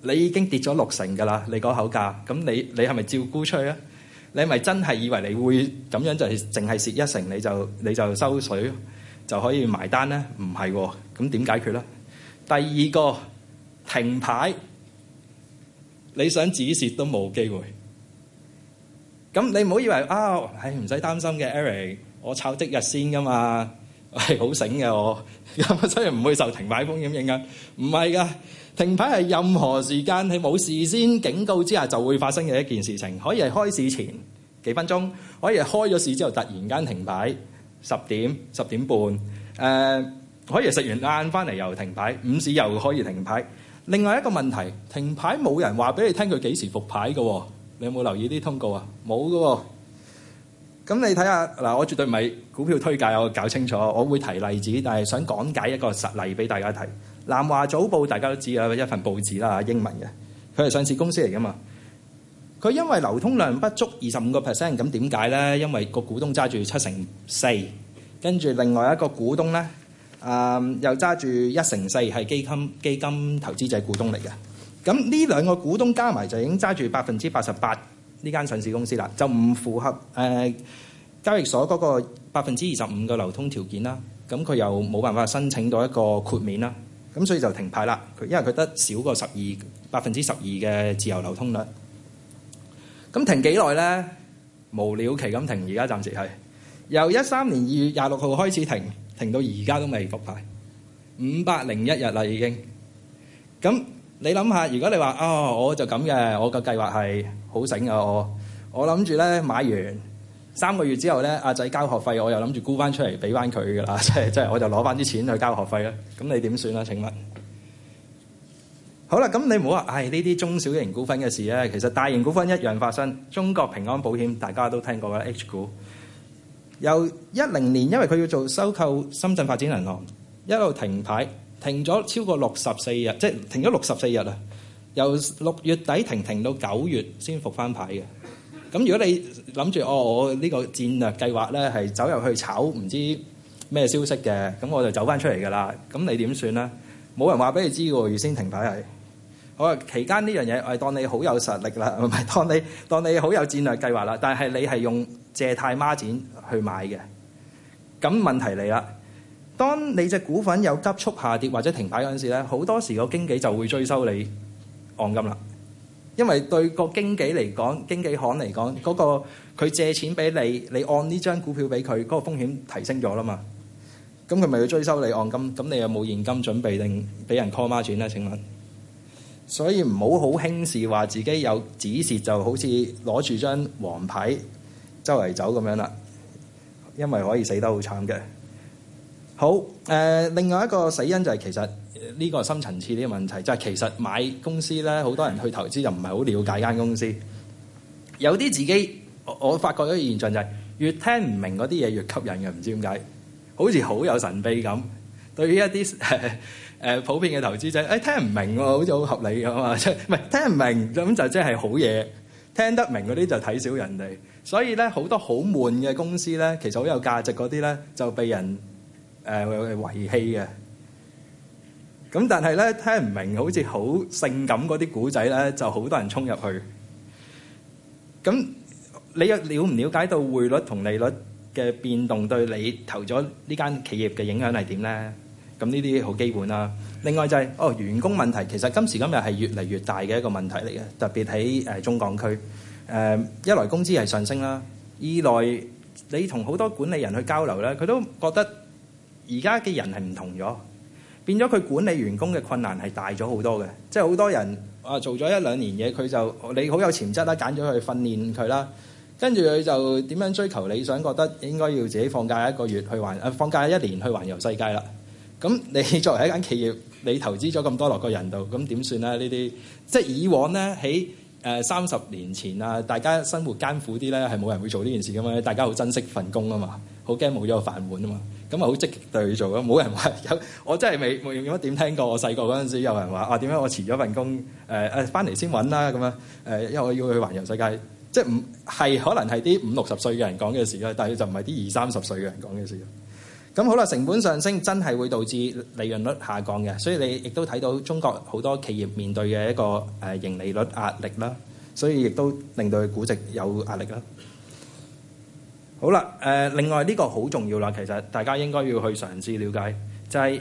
你已經跌咗六成㗎啦，你嗰口價，咁你你係咪照沽出啊？你係咪真係以為你會咁樣就係淨係蝕一成你就你就收水就可以埋單咧？唔係喎，咁點解決咧？第二個停牌。你想止蝕都冇機會，咁你唔好以為啊、哦，唉唔使擔心嘅，Eric，我炒即日先噶嘛，係好醒嘅我，咁 所以唔會受停牌風險影響。唔係噶，停牌係任何時間你冇事先警告之下就會發生嘅一件事情，可以係開市前幾分鐘，可以係開咗市之後突然間停牌，十點、十點半，呃、可以係食完晏翻嚟又停牌，午市又可以停牌。另外一個問題，停牌冇人話俾你聽佢幾時復牌嘅喎？你有冇留意啲通告啊？冇㗎喎。咁你睇下嗱，我絕對唔係股票推介，我搞清楚，我會提例子，但係想講解一個實例俾大家睇。南華早報大家都知嘅一份報紙啦，英文嘅，佢係上市公司嚟㗎嘛。佢因為流通量不足二十五個 percent，咁點解呢？因為個股東揸住七成四，跟住另外一個股東呢。誒，又揸住一成四，係基金、基金投資者股東嚟嘅，咁呢兩個股東加埋就已經揸住百分之八十八呢間上市公司啦，就唔符合誒、呃、交易所嗰個百分之二十五嘅流通條件啦，咁佢又冇辦法申請到一個豁免啦，咁所以就停牌啦。佢因為佢得少過十二百分之十二嘅自由流通率，咁停幾耐呢？無了期咁停，而家暫時係由一三年二月廿六號開始停。停到而家都未復牌，五百零一日啦已經了。咁你諗下，如果你話啊、哦，我就咁嘅，我個計劃係好醒嘅我。我諗住咧買完三個月之後咧，阿仔交學費，我又諗住沽翻出嚟俾翻佢㗎啦。即係即係，我就攞翻啲錢去交學費啦。咁你點算啊？請問？好啦，咁你唔好話，唉呢啲中小型股份嘅事咧，其實大型股份一樣發生。中國平安保險大家都聽過啦，H 股。由一零年，因為佢要做收購深圳發展銀行，一路停牌停咗超過六十四日，即停咗六十四日啦。由六月底停停，停到九月先復翻牌嘅。咁 如果你諗住哦，我呢個戰略計劃咧係走入去炒唔知咩消息嘅，咁我就走翻出嚟㗎啦。咁你點算咧？冇人話俾你知㗎喎。預先停牌係好期間呢樣嘢，我係當你好有實力啦，唔係當你當你好有戰略計劃啦。但係你係用借貸孖展，去買嘅，咁問題嚟啦。當你隻股份有急速下跌或者停牌嗰陣時咧，好多時個經紀就會追收你按金啦。因為對個經紀嚟講，經紀行嚟講，嗰個佢借錢俾你，你按呢張股票俾佢，嗰個風險提升咗啦嘛。咁佢咪要追收你按金？咁你有冇現金準備定俾人 call 孖轉咧？請問，所以唔好好輕視話自己有止蝕，就好似攞住張黃牌周圍走咁樣啦。因為可以死得好慘嘅。好，誒，另外一個死因就係其實呢個深層次啲問題，就係其實買公司咧，好多人去投資就唔係好瞭解間公司。有啲自己，我我發覺一個現象就係越聽唔明嗰啲嘢越吸引嘅，唔知點解，好似好有神秘感。對於一啲誒普遍嘅投資者，誒聽唔明喎，好似好合理咁啊，唔係聽唔明就咁就即係好嘢，聽得明嗰啲就睇少人哋。所以咧好多好悶嘅公司咧，其實好有價值嗰啲咧，就被人誒遺棄嘅。咁但係咧聽唔明，好似好性感嗰啲股仔咧，就好多人衝入去。咁你又了唔瞭解到匯率同利率嘅變動對你投咗呢間企業嘅影響係點咧？咁呢啲好基本啦。另外就係哦員工問題，其實今時今日係越嚟越大嘅一個問題嚟嘅，特別喺誒中港區。誒一來工資係上升啦，二來你同好多管理人去交流咧，佢都覺得而家嘅人係唔同咗，變咗佢管理員工嘅困難係大咗好多嘅，即係好多人啊做咗一兩年嘢，佢就你好有潛質啦，揀咗去訓練佢啦，跟住佢就點樣追求理想？覺得應該要自己放假一個月去環啊放假一年去環遊世界啦。咁你作為一間企業，你投資咗咁多落個人度，咁點算咧？呢啲即係以往咧喺。誒三十年前啊，大家生活艱苦啲咧，係冇人會做呢件事㗎嘛。大家好珍惜份工啊嘛，好驚冇咗個飯碗啊嘛。咁啊，好積極對佢做啊。冇人話有，我真係未冇乜點聽過。我細個嗰陣時有人話啊，點解我辭咗份工？誒、啊、誒，翻嚟先揾啦咁樣。誒、啊，因為我要去環遊世界，即係唔係可能係啲五六十歲嘅人講嘅事啦，但係就唔係啲二三十歲嘅人講嘅事。咁好啦，成本上升真係會導致利潤率下降嘅，所以你亦都睇到中國好多企業面對嘅一個誒盈利率壓力啦，所以亦都令到佢估值有壓力啦。好啦，誒，另外呢個好重要啦，其實大家應該要去嘗試瞭解，就係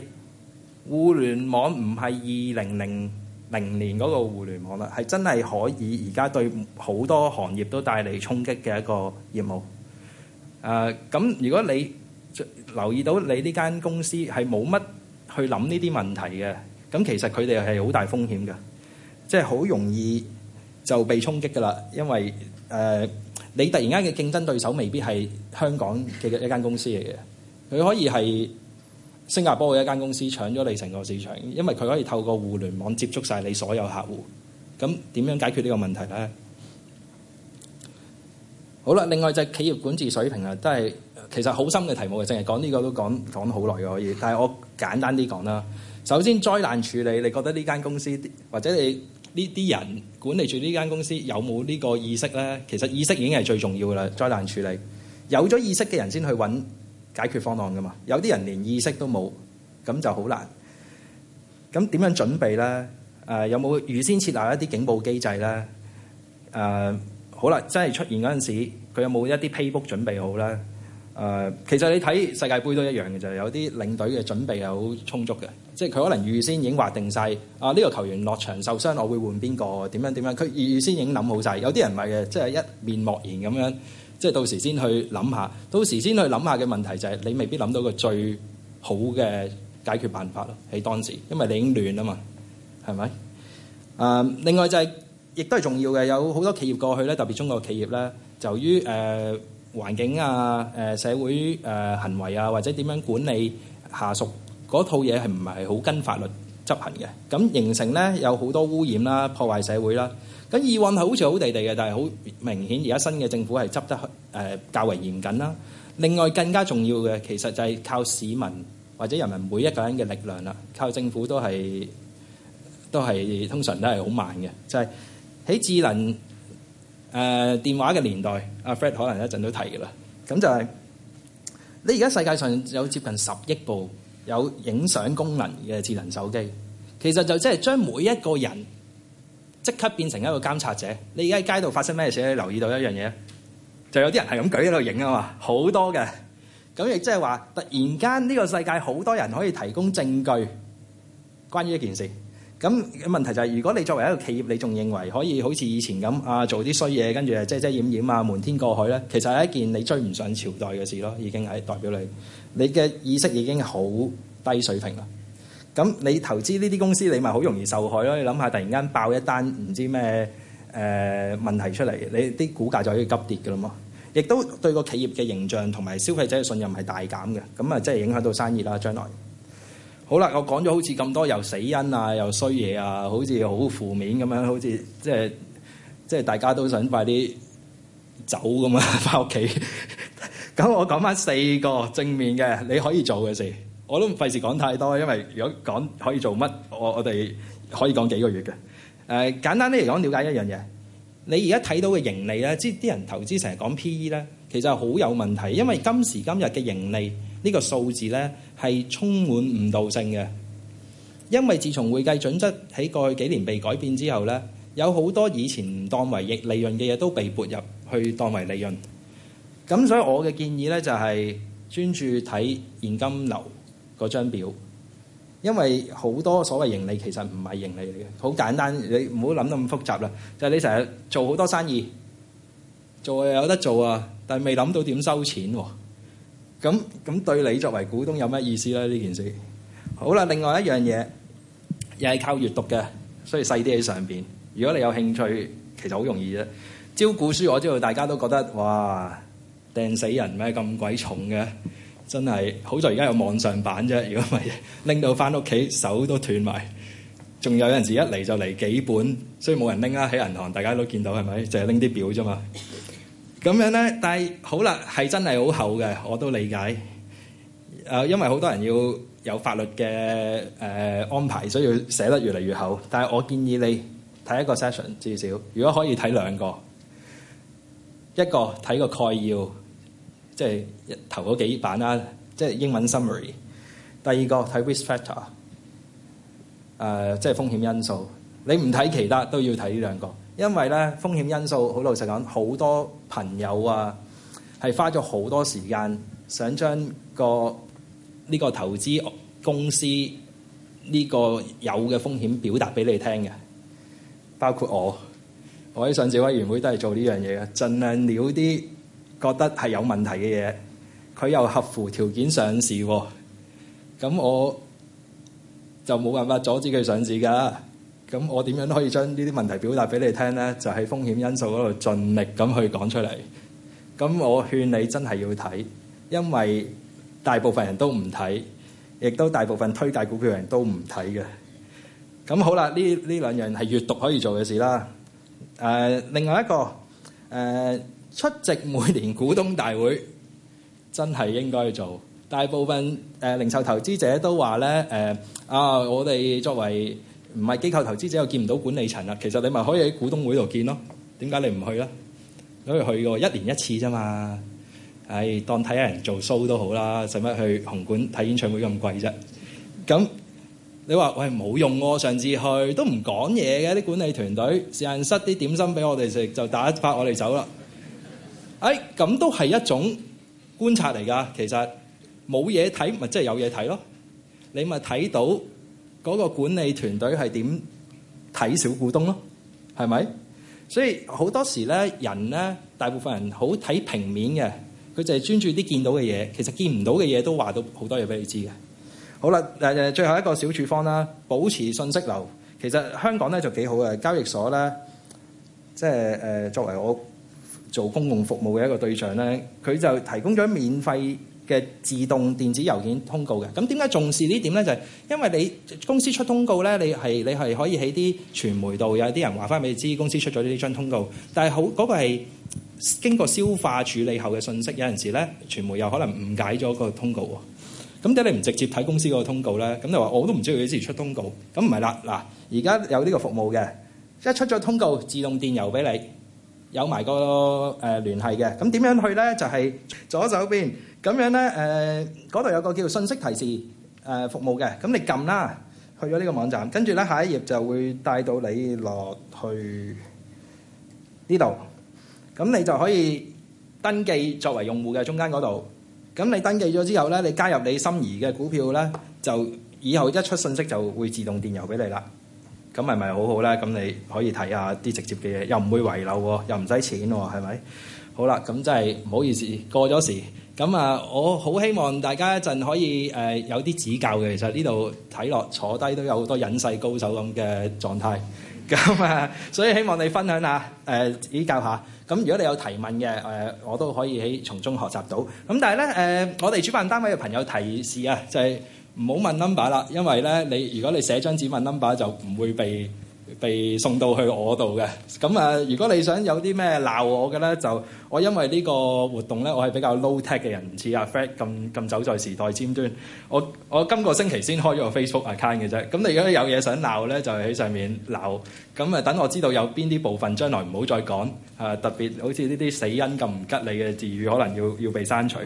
互聯網唔係二零零零年嗰個互聯網啦，係真係可以而家對好多行業都帶嚟衝擊嘅一個業務。誒，咁如果你留意到你呢間公司係冇乜去諗呢啲問題嘅，咁其實佢哋係好大風險嘅，即係好容易就被衝擊噶啦。因為誒、呃，你突然間嘅競爭對手未必係香港嘅一間公司嚟嘅，佢可以係新加坡嘅一間公司搶咗你成個市場，因為佢可以透過互聯網接觸晒你所有客戶。咁點樣解決呢個問題呢？好啦，另外就係企業管治水平啊，都係。其實好深嘅題目嘅，淨係講呢個都講講好耐嘅可以，但係我簡單啲講啦。首先，災難處理，你覺得呢間公司或者你呢啲人管理住呢間公司有冇呢個意識呢？其實意識已經係最重要㗎啦。災難處理有咗意識嘅人先去揾解決方案㗎嘛。有啲人連意識都冇，咁就好難。咁點樣準備呢？誒、呃，有冇預先設立一啲警報機制呢？誒、呃，好啦，真係出現嗰陣時候，佢有冇一啲 playbook 準備好咧？誒、呃，其實你睇世界盃都一樣嘅，就係有啲領隊嘅準備係好充足嘅，即係佢可能預先已經話定晒啊呢，這個球員落場受傷，我會換邊個？點樣點樣？佢預先已經諗好晒，有啲人唔係嘅，即、就、係、是、一面莫言咁樣，即係到時先去諗下，到時先去諗下嘅問題就係、是、你未必諗到個最好嘅解決辦法咯喺當時，因為你已經亂啊嘛，係咪？誒、呃，另外就係、是、亦都係重要嘅，有好多企業過去咧，特別中國企業咧，由於誒。呃環境啊、誒社會誒行為啊，或者點樣管理下屬嗰套嘢係唔係好跟法律執行嘅？咁形成咧有好多污染啦、啊、破壞社會啦、啊。咁意淫係好似好地地嘅，但係好明顯而家新嘅政府係執得誒、呃、較為嚴謹啦、啊。另外更加重要嘅其實就係靠市民或者人民每一個人嘅力量啦。靠政府都係都係通常都係好慢嘅，就係、是、喺智能。誒、uh, 電話嘅年代，阿 Fred 可能一陣都提嘅啦。咁就係、是、你而家世界上有接近十億部有影相功能嘅智能手機，其實就即係將每一個人即刻變成一個監察者。你而家喺街度發生咩事，你留意到一樣嘢，就有啲人係咁舉喺度影啊嘛，好多嘅。咁亦即係話，突然間呢個世界好多人可以提供證據，關於一件事。咁問題就係，如果你作為一個企業，你仲認為可以好似以前咁啊，做啲衰嘢，跟住又遮遮掩掩啊，瞞天過海咧，其實係一件你追唔上朝代嘅事咯，已經係代表你，你嘅意識已經好低水平啦。咁你投資呢啲公司，你咪好容易受害咯。你諗下，突然間爆一單唔知咩誒、呃、問題出嚟，你啲股價就可以急跌㗎啦嘛。亦都對個企業嘅形象同埋消費者嘅信任係大減嘅。咁啊，即係影響到生意啦，將來。好啦，我講咗好似咁多，又死因啊，又衰嘢啊，好似好負面咁樣，好似即係即係大家都想快啲走咁啊，返屋企。咁 我講返四個正面嘅你可以做嘅事，我都唔費事講太多，因為如果講可以做乜，我我哋可以講幾個月嘅。誒、呃，簡單啲嚟講，了解一樣嘢，你而家睇到嘅盈利咧，即啲人投資成日講 PE 咧，其實係好有問題，因為今時今日嘅盈利。呢個數字呢，係充滿誤導性嘅，因為自從會計準則喺過去幾年被改變之後呢，有好多以前唔當為利潤嘅嘢都被撥入去當為利潤。咁所以我嘅建議呢，就係專注睇現金流嗰張表，因為好多所謂盈利其實唔係盈利嚟嘅。好簡單，你唔好諗得咁複雜啦。就係你成日做好多生意，做又有得做啊，但係未諗到點收錢喎。咁咁對你作為股東有咩意思咧？呢件事好啦，另外一樣嘢又係靠閱讀嘅，所以細啲喺上面。如果你有興趣，其實好容易啫。招股書我知道大家都覺得哇掟死人咩咁鬼重嘅，真係好在而家有網上版啫。如果唔係拎到翻屋企手都斷埋，仲有有陣時一嚟就嚟幾本，所以冇人拎啦。喺銀行大家都見到係咪？淨係拎啲表啫嘛。咁樣咧，但係好啦，係真係好厚嘅，我都理解。呃、因為好多人要有法律嘅、呃、安排，所以要寫得越嚟越厚。但係我建議你睇一個 session 至少，如果可以睇兩個，一個睇個概要，即係頭嗰幾版啦，即係英文 summary。第二個睇 risk factor，呃、即係風險因素。你唔睇其他，都要睇呢兩個。因為咧風險因素，好老實講，好多朋友啊，係花咗好多時間想將個呢個投資公司呢個有嘅風險表達俾你聽嘅，包括我，我喺上市委員會都係做呢樣嘢嘅，儘量了啲覺得係有問題嘅嘢，佢又合乎條件上市喎，咁我就冇辦法阻止佢上市㗎。咁我點樣都可以將呢啲問題表達俾你聽呢？就喺風險因素嗰度盡力咁去講出嚟。咁我勸你真係要睇，因為大部分人都唔睇，亦都大部分推介股票人都唔睇嘅。咁好啦，呢呢兩樣係閲讀可以做嘅事啦。誒，另外一個誒出席每年股東大會，真係應該做。大部分誒零售投資者都話呢誒啊，我哋作為唔係機構投資者又見唔到管理層啦，其實你咪可以喺股東會度見咯。點解你唔去咧？你可以去嘅喎，一年一次啫嘛。係當睇下人做 show 都好啦，使乜去紅館睇演唱會咁貴啫？咁你話喂冇用喎，上次去都唔講嘢嘅啲管理團隊，試下塞啲點心俾我哋食，就打發我哋走啦。誒，咁都係一種觀察嚟㗎。其實冇嘢睇，咪即係有嘢睇咯。你咪睇到。嗰個管理團隊係點睇小股東咯？係咪？所以好多時咧，人咧，大部分人好睇平面嘅，佢淨係專注啲見到嘅嘢，其實見唔到嘅嘢都話到好多嘢俾你知嘅。好啦，誒，最後一個小處方啦，保持信息流。其實香港咧就幾好嘅，交易所咧，即係誒，作為我做公共服務嘅一個對象咧，佢就提供咗免費嘅自動電子郵件通告嘅。咁點解重視呢點咧？就係因為你公司出通告咧，你係你係可以喺啲傳媒度有啲人話翻俾你知公司出咗呢張通告，但係好嗰個係經過消化處理後嘅信息，有陣時咧，傳媒又可能誤解咗個通告喎。咁點解你唔直接睇公司嗰個通告咧，咁你話我都唔知佢幾時出通告。咁唔係啦嗱。而家有呢個服務嘅，一出咗通告，自動電郵俾你，有埋個誒聯繫嘅。咁點樣去咧？就係左手邊。咁樣咧，誒嗰度有個叫做信息提示誒服務嘅。咁你撳啦，去咗呢個網站，跟住咧下一頁就會帶到你落去呢度。咁你就可以登記作為用戶嘅中間嗰度。咁你登記咗之後咧，你加入你心儀嘅股票咧，就以後一出信息就會自動電郵俾你啦。咁係咪好好咧？咁你可以睇下啲直接嘅嘢，又唔會遺漏喎，又唔使錢喎，係咪好啦？咁真係唔好意思，過咗時。咁啊，我好希望大家一陣可以誒、呃、有啲指教嘅，其實呢度睇落坐低都有好多隱世高手咁嘅狀態。咁啊，所以希望你分享下誒、呃、指教下。咁如果你有提問嘅誒、呃，我都可以喺從中學習到。咁但係咧誒，我哋主辦單位嘅朋友提示啊，就係唔好問 number 啦，因為咧你如果你寫張紙問 number 就唔會被被送到去我度嘅咁啊，如果你想有啲咩鬧我嘅呢，就我因為呢個活動呢，我係比較 low tech 嘅人，唔似阿 Fred 咁咁走在時代尖端。我我今個星期先開咗個 Facebook account 嘅啫。咁你如果有嘢想鬧呢，就喺上面鬧咁啊，等我知道有邊啲部分將來唔好再講、啊、特別好似呢啲死因咁唔吉利嘅字語，可能要要被刪除。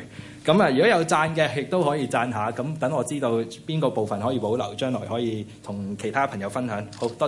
咁啊，如果有讚嘅，亦都可以讚下。咁等我知道邊個部分可以保留，將來可以同其他朋友分享。好多謝。